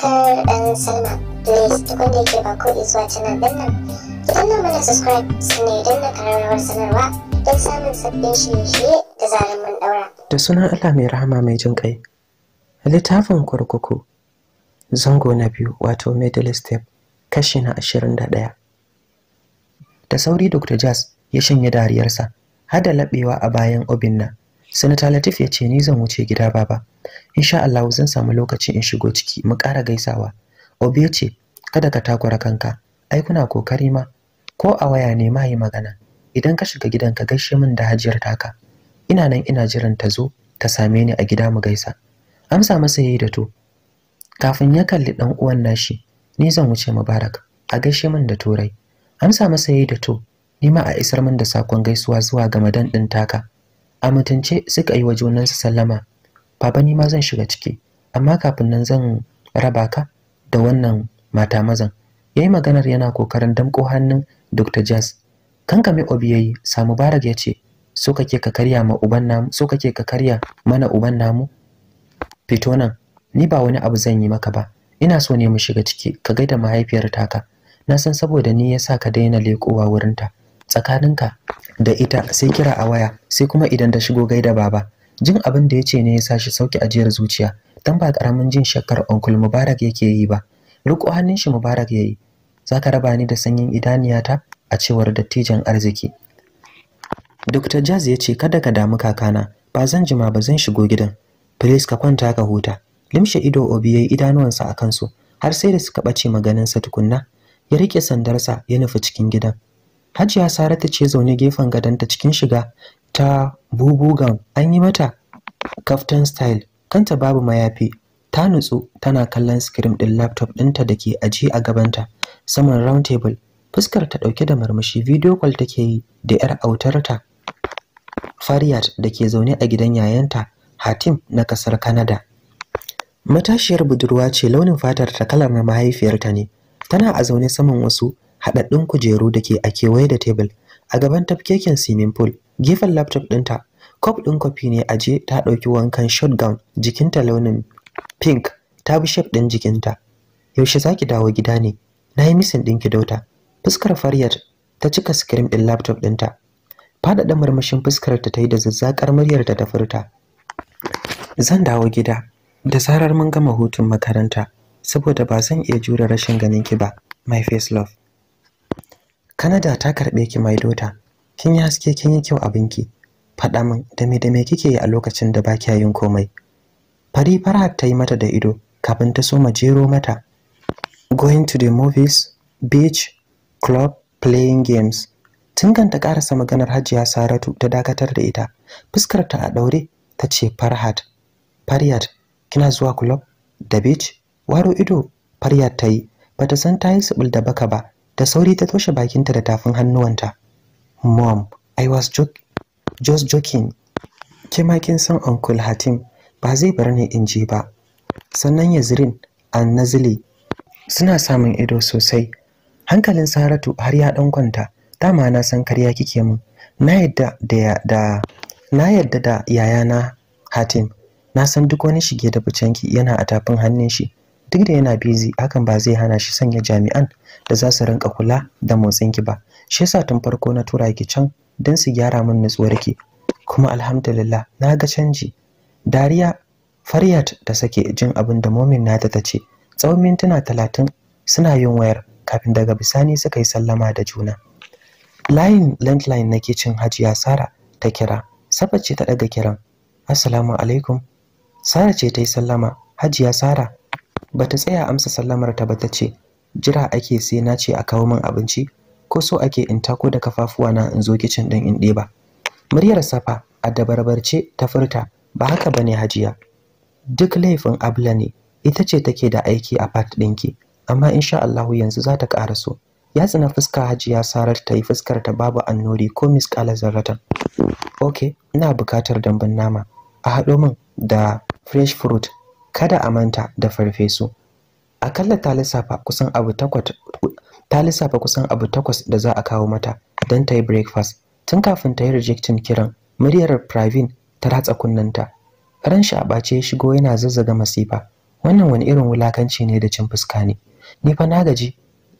subscribe and sign up. da yake ba ko zuwa canal nan. subscribe sannan idan na kararrawar sanarwa don samun sabbin shirye-shirye da zarar mun daura. Da sunan Allah mai rahama mai jin Littafin kurkuku zango na biyu wato middle step kashi na ashirin da ɗaya. Da sauri Dr. Jazz ya shanye dariyarsa har da laɓewa a bayan Obinna, nan. Latif ya ce ni zan wuce gida baba. insha Allah zan samu lokaci in shigo ciki mu ƙara gaisawa obi ce kada ka takura kanka ai kuna kokari ma ko a waya ne ma yi magana idan ka shiga gidan ka gaishe min da hajiyar taka ina nan ina jiran ta zo ta same ni a gida mu gaisa amsa masa yayi da to kafin ya kalli dan uwan nashi ni zan wuce mubarak a gaishe min da turai amsa masa yayi da to ni ma a isar min da sakon gaisuwa zuwa ga madan din taka a mutunce suka yi wa junansu sallama baba ni ma zan shiga ciki amma kafin nan zan raba ka da wannan mata mazan yayi maganar yana kokarin damƙo hannun Dr. Jazz kame obi yayi sa Mubarak ya ce so kake ka karya ma uban namu so kake ka karya mana uban namu fito nan ni ba wani abu zan yi maka ba ina so ne mu shiga ciki ka gaida mahaifiyar taka na san saboda ni yasa ka daina leƙowa wurinta tsakaninka da ita sai kira a waya sai kuma idan ta shigo gaida baba jin abin da ya ce ne ya sa shi sauki ajiyar zuciya dan ba karamin jin shakkar onkul mubarak yake yi ba riko hannun shi mubarak yayi zaka raba ni da sanyin idaniyata a cewar dattijan arziki Dr. jaz ya ce kada ka damu kakana ba zan jima ba zan shigo gidan please ka kwanta ka huta limshe ido obi yayi idanuwansa a kansu har sai da suka bace maganinsa tukunna ya rike sandarsa ya nufi cikin gidan Hajiya Saratu ce zaune gefen gadonta cikin shiga ta bubugan an yi mata kaftan style kanta babu mayafi ta nutsu tana kallon screen din laptop ɗinta da ke ajiye a gabanta saman round table fuskar ta ɗauke da marmashi video call take yi da 'yar autarta Faryat da ke zaune a gidan yayanta Hatim na ƙasar Canada. Matashiyar budurwa ce launin fatar ta kalar mahaifiyarta ne. Tana a zaune saman wasu haɗaɗɗun kujeru da ke a kewaye da tebul a gaban tafkeken swimming pool gefen laptop ɗinta kop ɗin kofi ne aje ta ɗauki wankan shotgun jikinta launin pink ta bi shef ɗin jikinta yaushe za ki dawo gida ne na yi misin ki dauta fuskar faryar ta cika sikirim ɗin laptop ɗinta faɗaɗa marmashin fuskar ta ta yi da zazzakar muryar ta ta furta zan dawo gida da zarar mun gama hutun makaranta saboda ba zan iya jure rashin ganin ki ba my face love Canada ta karɓe ki my daughter kin yi haske kin yi kyau abinki faɗa min da me da me kike yi a lokacin da ba kiya yin komai fari farhat ta yi mata da ido kafin ta soma jero mata going to the movies beach club playing games tun ta karasa maganar hajiya saratu ta dakatar da ita fuskar ta a daure ta ce farhat faryat kina zuwa club da beach waro ido faryat ta yi bata san ta yi subul da baka ba da sauri ta toshe bakinta da tafin hannuwanta Mom, I was joke, just joking. Ke ma kin san Uncle Hatim ba zai bar ni in je ba. Sannan Yazrin an Nazili suna samun ido sosai. Hankalin Saratu har ya dan kwanta. Dama na san karya kike min. Na yadda da da na yadda da yayana Hatim. Na san duk wani shige da ficenki yana a tafin hannun shi. Duk da yana busy hakan ba zai hana shi sanya jami'an da za su rinka kula da motsinki ba. shi yasa tun farko na tura ki can don su gyara min nutsuwar ki. kuma alhamdulillah na ga canji dariya faryat ta sake jin abin da momin nata ta ce tsawon mintuna talatin suna yin wayar kafin daga bisani suka yi sallama da juna layin landline na kicin hajiya sara ta kira safa ce ta daga kiran assalamu alaikum sara ce ta yi sallama hajiya sara bata tsaya amsa sallamar ta ba ta ce jira ake sai na ce a kawo min abinci ko so ake in tako da kafafuwa na in zo kicin din in ɗeba muryar safa a dabarbarce ta furta ba haka ba ne, hajiya duk laifin abla ne ita ce take da aiki a fat ɗinki amma insha Allahu yanzu za ta ƙara so ya tsina fuska hajiya sarar ta yi fuskar ta babu annori ko miskala zarratan ok ina buƙatar dambun nama a haɗo min da fresh fruit kada a manta da farfesu akalla ta lissafa kusan abu ta lissafa kusan abu takwas da za a kawo mata don ta yi breakfast tun kafin ta yi rejectin kiran muryar pravin ta ratsa kunnanta ran shi a ɓace ya shigo yana zazzaga masifa wannan wani irin wulakanci ne da cin fuska ne ni fa na gaji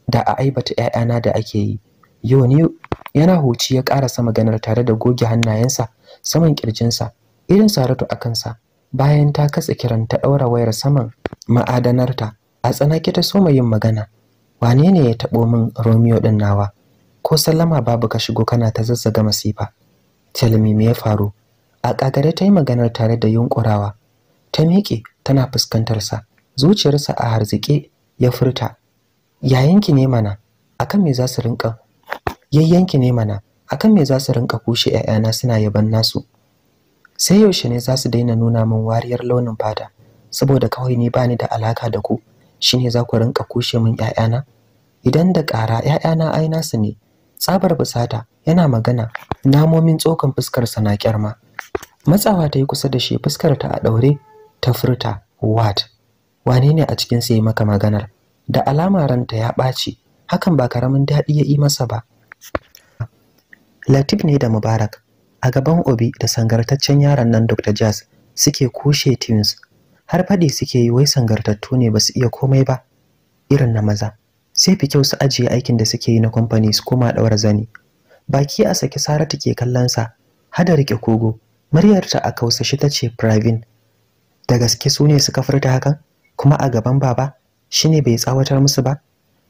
da a aibata 'ya'yana da ake yi yau ni yana huci ya karasa maganar tare da goge hannayensa saman kirjinsa irin saratu a kansa bayan ta katse kiran ta ɗaura wayar saman ma'adanarta a tsanake ta soma yin magana wane ne ya taɓo min romeo ɗin nawa ko Salama babu ka shigo kana ta zazzaga masifa telmi me ya faru a ƙagare ta yi maganar tare da yunƙurawa ta miƙe tana fuskantarsa zuciyarsa a harzike ya furta yayanki ne mana akan me za su rinka yayyanki ne mana akan me za su rinka kushe 'ya'yana suna yaban nasu sai yaushe ne za su daina nuna min wariyar launin fata saboda kawai ni bani da alaka da ku shine za ku rinka kushe min ƴaƴana idan da ƙara ƴaƴana ai nasu ne tsabar busata yana magana namomin tsokan fuskar sa na kyarma matsawa ta yi kusa da shi fuskar ta a daure ta furta what wane ne a cikin sai maka maganar da alama ranta ya ɓaci hakan ba karamin daɗi ya yi masa ba Latif ne da Mubarak a gaban Obi da sangartaccen yaran nan Dr. Jazz suke kushe Tins. har faɗi suke yi wai sangartattu ne ba su iya komai ba irin na maza sai fi kyau su ajiye aikin da suke yi na kamfani su koma ɗaura zani baki a saki saratu ke kallon sa hada rike kogo muryarta a kausashi ta ce pravin da gaske su ne suka furta hakan kuma a gaban baba shine bai tsawatar musu ba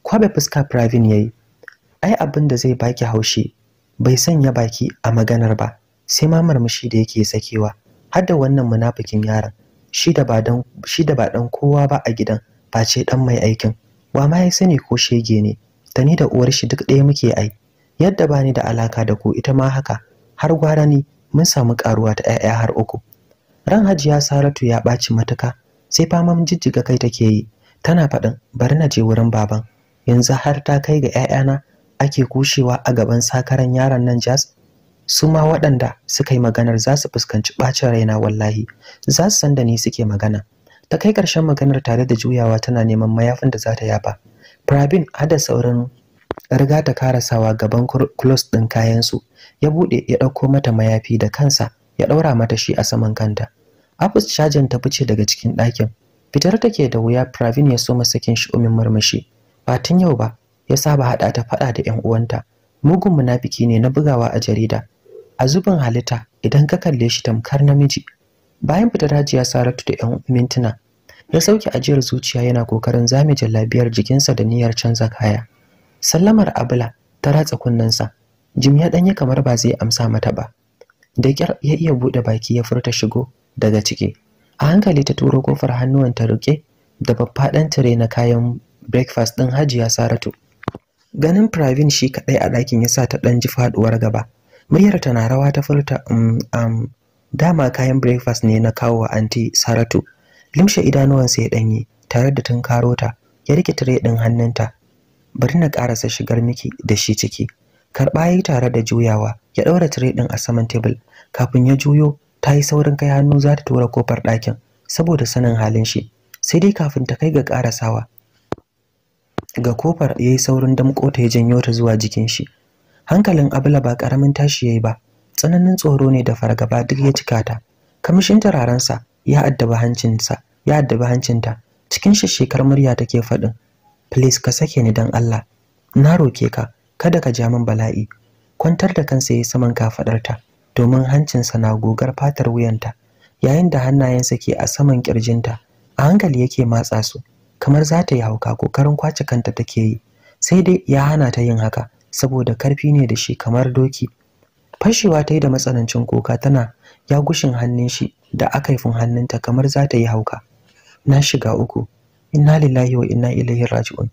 kwabe fuska pravin yayi ai abin da zai baki haushi bai sanya baki a maganar ba sai ma murmushi da yake sakewa har da wannan munafikin yaron shi da ba dan kowa ba a gidan ba ce dan mai aikin ba ma ya sani ko shege ne ta ni da uwar shi duk ɗaya muke ai yadda ba ni da alaka da ku ita ma haka har gwara ni mun samu karuwa ta 'ya'ya har uku ran hajiya saratu ya ɓaci matuka sai faman jijjiga kai take yi tana faɗin bari na je wurin baban yanzu har ta kai ga 'ya'yana ake kushewa a gaban sakaran yaron nan jas su ma waɗanda suka yi maganar za su fuskanci ɓacin raina wallahi za su san da ni suke magana ta kai ƙarshen maganar tare da juyawa tana neman mayafin da za ta yafa prabin hada saurin riga ta karasawa gaban close ɗin kayansu ya buɗe ya ɗauko mata mayafi da kansa ya ɗaura mata shi a saman kanta Afis cajin ta fice daga cikin ɗakin fitar take da wuya Pravin ya soma sakin shi umin murmushi ba tun yau ba ya saba haɗa ta faɗa da 'yan uwanta mugun munafiki ne na bugawa a jarida a zubin halitta idan ka kalle shi tamkar namiji bayan fitar hajiya saratu da yan mintuna ya sauke ajiyar zuciya yana kokarin zame jallabiyar jikinsa da niyyar canza kaya sallamar abula ta ratsa kunnensa jim ya danyi kamar ba zai amsa mata ba da kyar ya iya buɗe baki ya furta shigo daga ciki a hankali ta turo kofar hannuwan ta rike da babba tire na kayan breakfast ɗin hajiya saratu Ganin Pravin shi kaɗai a ɗakin ya sa ta ɗan ji faɗuwar gaba. Muryar ta na rawa ta furta um, dama kayan breakfast ne na kawo wa anti Saratu. Limshe idanuwansa ya ɗanye tare da tunkaro ta ya rike tire ɗin hannunta. Bari na ƙarasa shigar miki da shi ciki. Karɓa ya yi tare da juyawa ya ɗaura tire ɗin a saman tebul kafin ya juyo ta yi saurin kai hannu za ta tura kofar ɗakin saboda sanin halin shi sai dai kafin ta kai ga ƙarasawa ga kofar yayi saurin damko ta ya janyo ta zuwa jikin shi hankalin abla ba karamin tashi yayi ba tsananin tsoro ne da fargaba duk ya cika ta tararan turarensa ya addaba hancinsa ya addaba hancinta cikin shi shekar murya take faɗin please ka sake ni dan Allah na roke ka kada ka ja min bala'i kwantar da kansa yayi saman kafadarta domin hancin sa na gogar fatar wuyanta yayin da hannayensa ke a saman kirjinta a hankali yake matsa su kamar za ta yi hauka kokarin kwace kanta take yi sai dai ya hana ta yin haka saboda karfi ne da shi kamar doki fashewa ta yi da matsanancin kuka tana ya gushin hannun shi da akaifin hannunta kamar za ta yi hauka na shiga uku inna lillahi wa inna ilaihi raji'un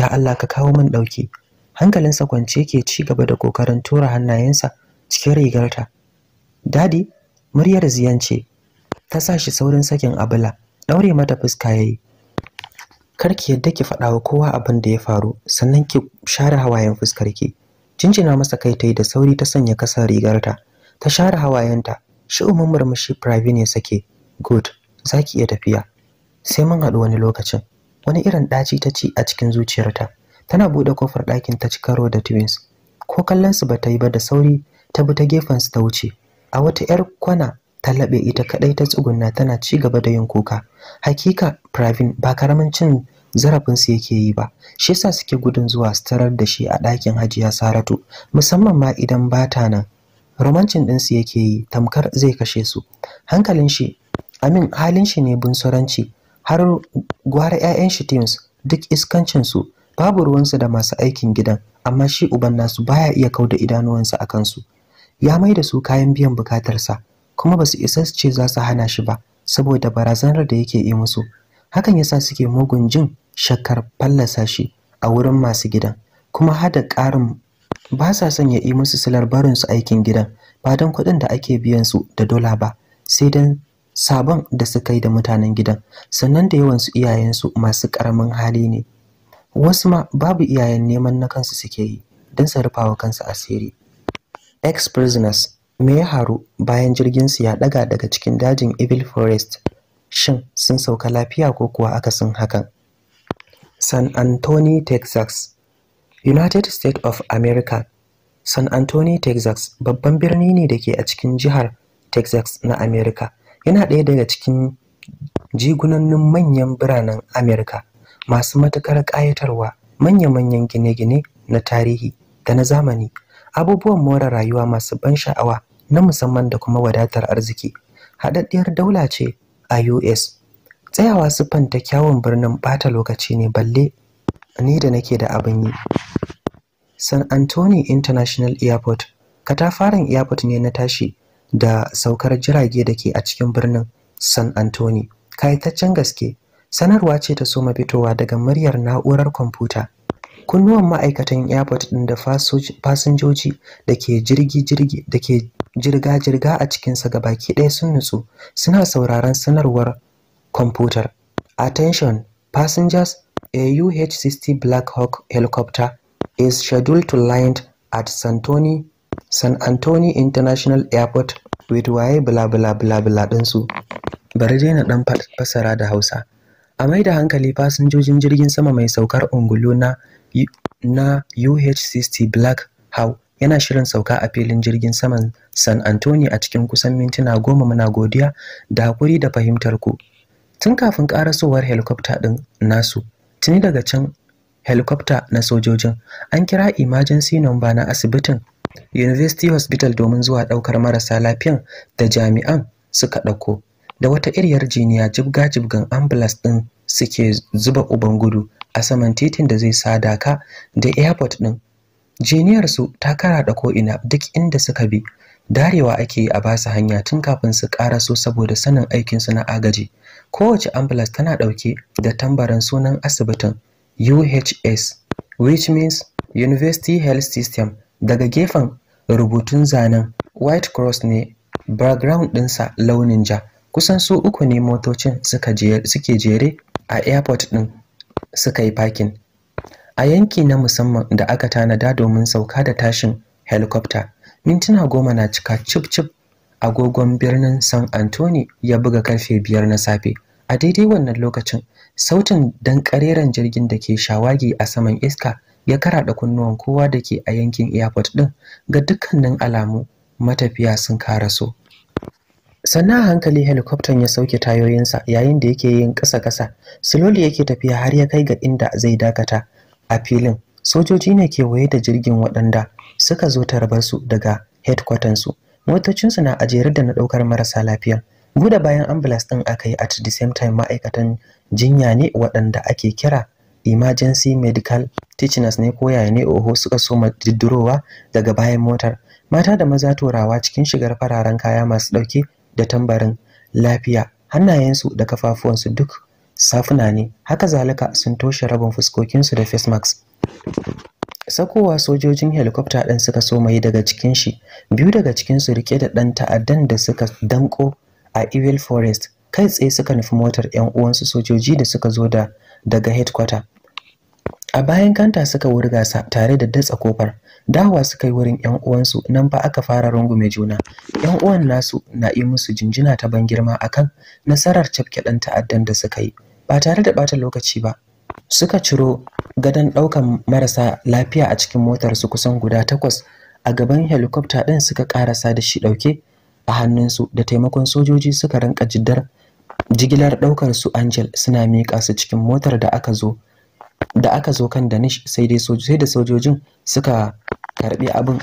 ya Allah ka kawo min dauki hankalinsa kwance ke ci gaba da kokarin tura hannayensa cikin rigarta dadi muryar ziyance ta sa shi saurin sakin abula daure mata fuska yayi kar ki yadda ki faɗawa kowa abin da ya faru sannan ki share hawayen fuskar ki jinjina masa kai ta yi da sauri ta sanya kasar rigarta ta share hawayenta shi umar murmushi pravin ya sake good za ki iya tafiya sai mun haɗu wani lokacin wani irin ɗaci ta ci a cikin zuciyarta tana buɗe kofar ɗakin ta ci karo da twins ko kallon su ta yi ba da sauri ta bi ta gefen su ta wuce a wata 'yar kwana ta laɓe ita kaɗai ta tsugunna tana ci gaba da yin kuka hakika pravin ba karamin cin Zarafin su yake yi ba shi yasa suke gudun zuwa su tarar da shi a ɗakin hajiya saratu musamman ma idan ba ta nan romancin ɗinsu yake yi tamkar zai kashe su hankalin shi amin halin shi ne bunsuranci har gwara 'ya'yan shi teams duk iskancin su babu su da masu aikin gidan amma shi uban nasu baya iya kauda sa a kansu ya mai da su kayan biyan bukatarsa kuma basu su isa su ce za su hana shi ba saboda barazanar da yake yi musu hakan yasa suke mugun jin shakar fallasa shi a wurin masu gidan kuma hada ƙarin ba sa son ya yi musu silar barin su aikin gidan ba don kuɗin da ake biyan su da dola ba sai don sabon da suka yi da mutanen gidan sannan da yawan su iyayensu masu ƙaramin hali ne wasu ma babu iyayen neman na kansu suke yi don su rufawa kansu asiri ex prisoners me ya haru bayan jirgin su ya daga daga cikin dajin evil forest shin sun sauka lafiya ko kuwa akasin hakan san antonio texas united states of america san antonio texas babban birni ne da ke a cikin jihar texas na Amerika. yana ɗaya daga cikin jigunannin manyan biranen america masu matuƙar ƙayatarwa manya-manyan gine-gine na tarihi da na zamani abubuwan more rayuwa masu ban sha'awa na musamman da kuma wadatar arziki haɗaɗɗiyar daula ce ios Tsayawa siffanta kyawun birnin ɓata lokaci ne balle ni da nake da abin yi. San Antonio International Airport katafaren airport ne na tashi da saukar jirage da ke a cikin birnin San Antonio. Kayataccen gaske, sanarwa ce ta soma fitowa daga muryar na'urar kwamfuta. Kunnuwan ma'aikatan airport ɗin da fasinjoji da ke jirgi-jirgi da ke jirga-jirga a cikinsa gabaki ɗaya sun nutsu suna sauraron sanarwar kwamfutar attention passengers a uh-60 black hawk helicopter is scheduled to land at santoni san antonio international airport with waye bla bla bla bla ɗinsu bari dai na ɗan fasara da hausa a mai da hankali fasinjojin jirgin sama mai saukar ungulu na na uh-60 black hawk yana shirin sauka a filin jirgin saman San Antonio a cikin kusan mintuna goma muna godiya da hakuri da fahimtar ku. Tun kafin karasowar helicopter ɗin nasu, tuni daga can helikopta na sojojin an kira emergency number na asibitin University Hospital domin zuwa ɗaukar marasa lafiyan da jami'an suka ɗauko. Da wata iriyar jiniya jibga-jibgan ambulance ɗin suke zuba uban gudu a saman titin da zai sadaka da airport ɗin su ta ko ko'ina duk inda suka bi darewa ake yi a basu hanya tun kafin su kara su saboda sanin aikin su na agaji kowace ambulance tana dauke da tambarin sunan asibitin uhs which means university health system daga gefen rubutun zanen white cross ne background ɗinsa launin ja kusan su uku ne motocin suke jere a airport ɗin suka yi parking a yanki na musamman da aka tanada domin sauka da tashin helicopter mintuna goma na cika cip cip agogon birnin san antoni ya buga karfe biyar na safe a daidai wannan lokacin sautin dan kareren jirgin da ke shawagi a saman iska ya karaɗa kunnuwan kowa da ke a yankin airport din, ga dukkanin alamu matafiya sun karaso sannan a hankali helikoftan ya sauke tayoyinsa yayin da yake yin kasa ƙasa sloli yake tafiya har ya kai ga inda zai dakata a filin sojoji ne kewaye da jirgin waɗanda suka zo tarbar su daga headquartersu motocinsu na ajere da na ɗaukar marasa lafiya buɗe bayan ambulance ɗin aka yi at the same time ma'aikatan jinya ne waɗanda ake kira emergency medical teachers ne ko yaya ne oho suka so diddurowa daga bayan motar mata da maza turawa cikin shigar fararen kaya masu ɗauke da tambarin lafiya hannayensu da kafafuwansu duk safuna ne haka zalika sun toshe rabin fuskokinsu da face mask sakowa sojojin helicopter ɗin suka so mai daga cikin shi biyu daga cikin su rike da ɗan ta'addan da suka danko a evil forest kai tsaye suka nufi motar 'yan uwansu sojoji da suka zo da daga headquarter a bayan kanta suka wurga sa tare da datsa kofar dawa suka yi wurin 'yan uwansu nan fa aka fara rungume juna 'yan uwan nasu na yi musu jinjina ta ban girma akan nasarar cafke ɗan ta'addan da suka yi ba tare da ɓata lokaci ba suka ciro gadon ɗaukan marasa lafiya a cikin motarsu kusan guda takwas a gaban helikwafta ɗin suka ƙarasa da shi ɗauke a hannunsu da taimakon sojoji suka rinka jiddar jigilar ɗaukar su angel suna miƙa su cikin motar da aka zo da aka zo kan danish sai dai sai da sojojin suka karɓi abin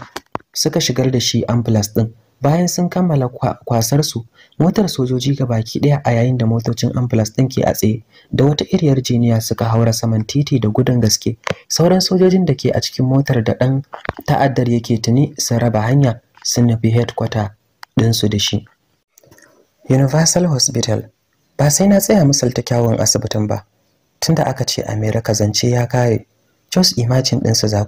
suka shigar da shi ambulance ɗin bayan sun kammala kwasar su motar sojoji ga baki daya a yayin da motocin ambulance din ke a tsaye da wata iriyar jiniya suka haura saman titi da gudun gaske sauran sojojin da ke a cikin motar da dan ta'addar yake tuni sun raba hanya sun nufi headquarter din su da shi Universal Hospital ba sai na tsaya misalta kyawun asibitin ba tunda aka ce America zance ya kare just imagine din su za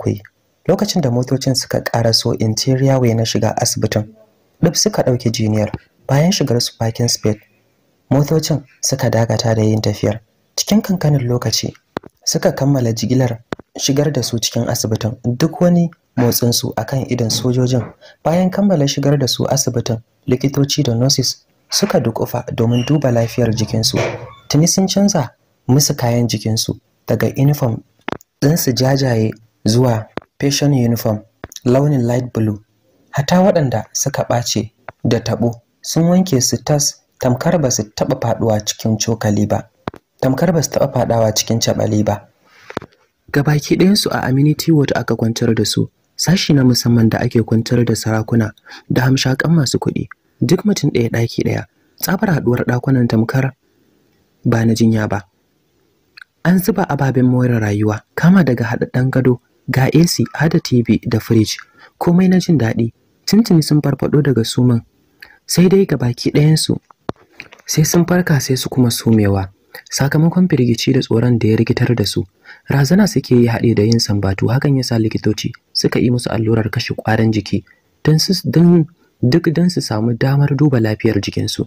lokacin da motocin suka karaso interior way na shiga asibitin duk suka ɗauki jiniyar bayan shigar su bakin spade motocin suka dagata da yin tafiyar cikin kankanin lokaci suka kammala jigilar shigar da su cikin asibitin duk wani motsin su akan idon sojojin bayan kammala shigar da su asibitin likitoci da nurses suka dukufa domin duba lafiyar jikinsu tuni sun canza musu kayan jikinsu daga uniform ɗinsu jajaye zuwa fashion uniform launin light blue hata waɗanda suka ɓace da taɓo sun wanke su tas tamkar ba su taɓa faɗuwa cikin cokali ba tamkar ba su taɓa faɗawa cikin caɓali ba gabaki ɗayansu a amenity ward aka kwantar da su sashi na musamman da ake kwantar da sarakuna da hamshakan masu kuɗi duk mutum ɗaya ɗaki ɗaya tsabar haɗuwar ɗakunan tamkar ba na jinya ba an zuba ababen more rayuwa kama daga haɗaɗɗen gado ga AC hada TV da firij, komai na jin daɗi Cincini sun farfado daga suman sai dai ga baki ɗayansu sai sun farka sai su kuma sumewa sakamakon firgici da tsoron da ya rikitar da su razana suke yi haɗe da yin sambatu hakan yasa likitoci suka yi musu allurar kashe ƙwarin jiki don duk don su samu damar duba lafiyar jikinsu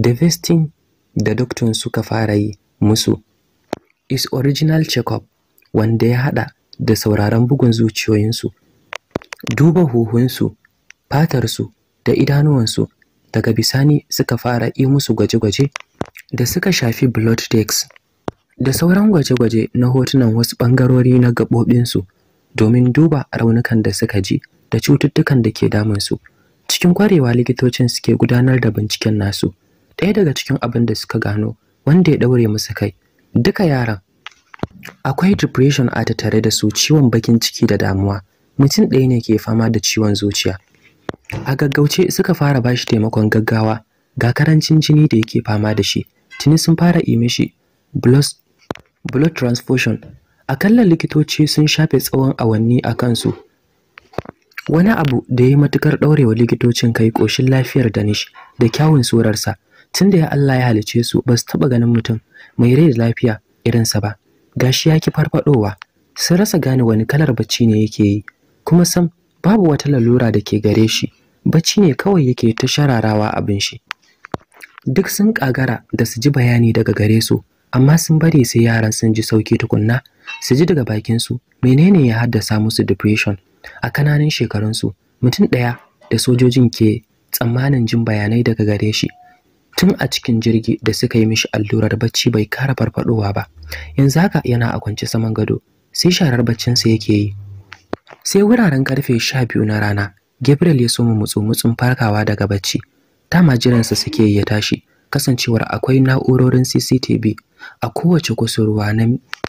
the vestin da dokton suka fara yi musu is original check wanda ya haɗa da sauraron bugun zuciyoyinsu duba huhunsu fatarsu da idanuwansu daga bisani suka fara yi musu gwaje-gwaje da suka shafi blood tests da sauran gwaje-gwaje na hotunan wasu ɓangarori na gaɓoɓinsu domin duba raunukan da suka ji da cututtukan da ke damunsu cikin kwarewa likitocin suke gudanar da binciken nasu ɗaya daga cikin abin da suka gano wanda ya ɗaure musu kai duka yaran akwai depression a tattare da su ciwon bakin ciki da damuwa mutum ɗaya ne ke fama da ciwon zuciya a gaggauce suka fara ba shi taimakon gaggawa ga karancin jini da yake fama da shi tuni sun fara yi mishi blood transfusion akalla likitoci sun shafe tsawon awanni a kansu wani abu da ya matukar ɗaurewa likitocin kai ƙoshin lafiyar danish da kyawun surarsa tunda ya Allah ya halice su ba su taɓa ganin mutum mai rai da lafiya irinsa ba gashi ya ki farfadowa sun rasa gane wani kalar bacci ne yake yi kuma sam babu wata lalura da ke gare shi bacci ne kawai yake ta shararawa abin shi duk sun kagara da su ji bayani daga gare su amma sun bari sai yaran sun ji sauki tukunna su ji daga bakin su menene ya haddasa musu depression a kananan shekarun su mutum daya da sojojin ke tsammanin jin bayanai daga gare shi tun a cikin jirgi da suka yi mishi allurar bacci bai kara farfadowa ba yanzu haka yana a kwance saman gado sai sharar baccinsa yake yi sai wuraren karfe sha biyu na rana Gabriel ya soma mutsu farkawa daga bacci. Tama jiransa suke ya tashi, kasancewar akwai na'urorin CCTV a kowace kusurwa na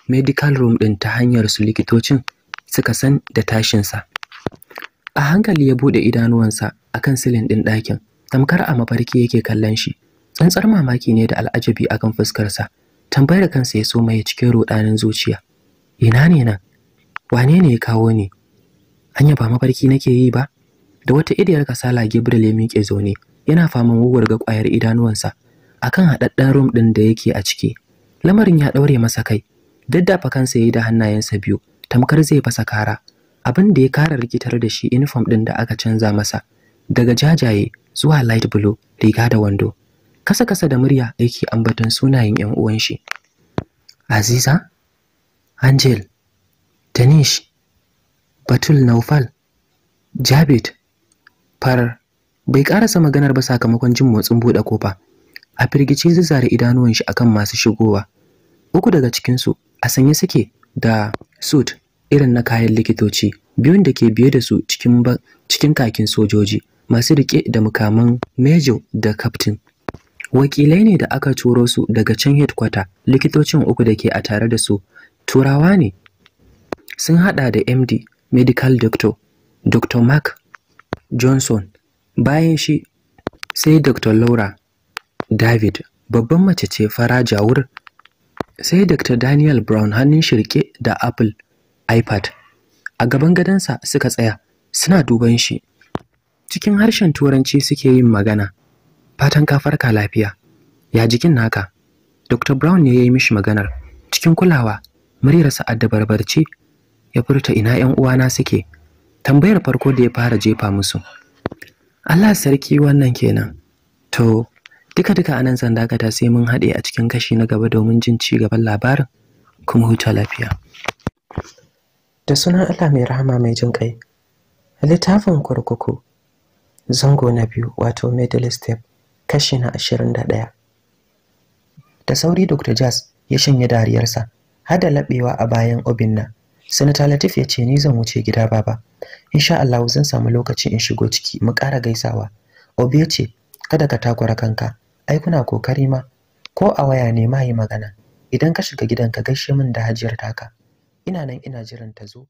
medical room ɗin ta hanyar su likitocin suka san da tashinsa. A hankali ya buɗe idanuwansa akan silin ɗin ɗakin, tamkar a mafarki yake kallon shi. Tsantsar mamaki ne da al'ajabi akan fuskarsa. Tambayar kansa ya soma ya cikin ruɗanin zuciya. Ina ne nan? Wane ne ya kawo ni? Anya ba mafarki nake yi ba? da wata idiyar kasala Gabriel ya miƙe zaune yana faman ga ƙwayar idanuwansa akan haɗaɗɗen room ɗin da yake a ciki lamarin ya ɗaure masa kai daddafa kansa ya yi da hannayensa biyu tamkar zai fasa kara abin da ya kara rikitar da shi uniform ɗin da aka canza masa daga jajaye zuwa light blue riga da wando kasa kasa da murya yake ambaton sunayen yan uwan shi Aziza Angel Tanish Batul Naufal Jabit farar bai karasa maganar ba sakamakon jin motsin buɗe kofa a firgice zazzare idanuwan shi akan masu shigowa uku daga cikin su a sanye suke da suit irin na kayan likitoci biyun da ke biye da su cikin cikin kakin sojoji masu rike da mukaman major da captain wakilai ne da aka turo su daga can headquarter likitocin uku da ke a tare da su turawa ne sun hada da md medical doctor dr mark Johnson, bayan shi sai Dr. Laura David, babban mace ce fara jawur, sai Dr. Daniel Brown hannun shirke da Apple iPad. A gaban gadansa suka tsaya, suna duban shi. Cikin harshen Turanci suke yin magana. Fatan ka farka lafiya. Ya jikin naka? Dr. Brown ne ya yi mishi maganar. Cikin kulawa, muryarsa addabarbarci ya furta ina 'yan uwana suke. tambayar farko da ya fara jefa musu Allah sarki wannan kenan to duka duka anan zan dakata sai mun haɗe a cikin kashi na gaba domin jin ci gaban labarin kuma huta lafiya da sunan Allah mai rahama mai jin kai littafin kurkuku zango na biyu wato middle step kashi na ashirin da ɗaya da sauri dr jazz ya shanye dariyarsa har da laɓewa a bayan obinna sanata latif ya ce ni zan wuce gida baba insha Allah zan samu lokaci in shigo ciki mu ƙara gaisawa obi ya ce kada ka takura kanka ai kuna kokari ma ko a waya ne ma yi magana idan ka shiga gidan ka gaishe min da hajiyar taka ina nan ina jiran ta zo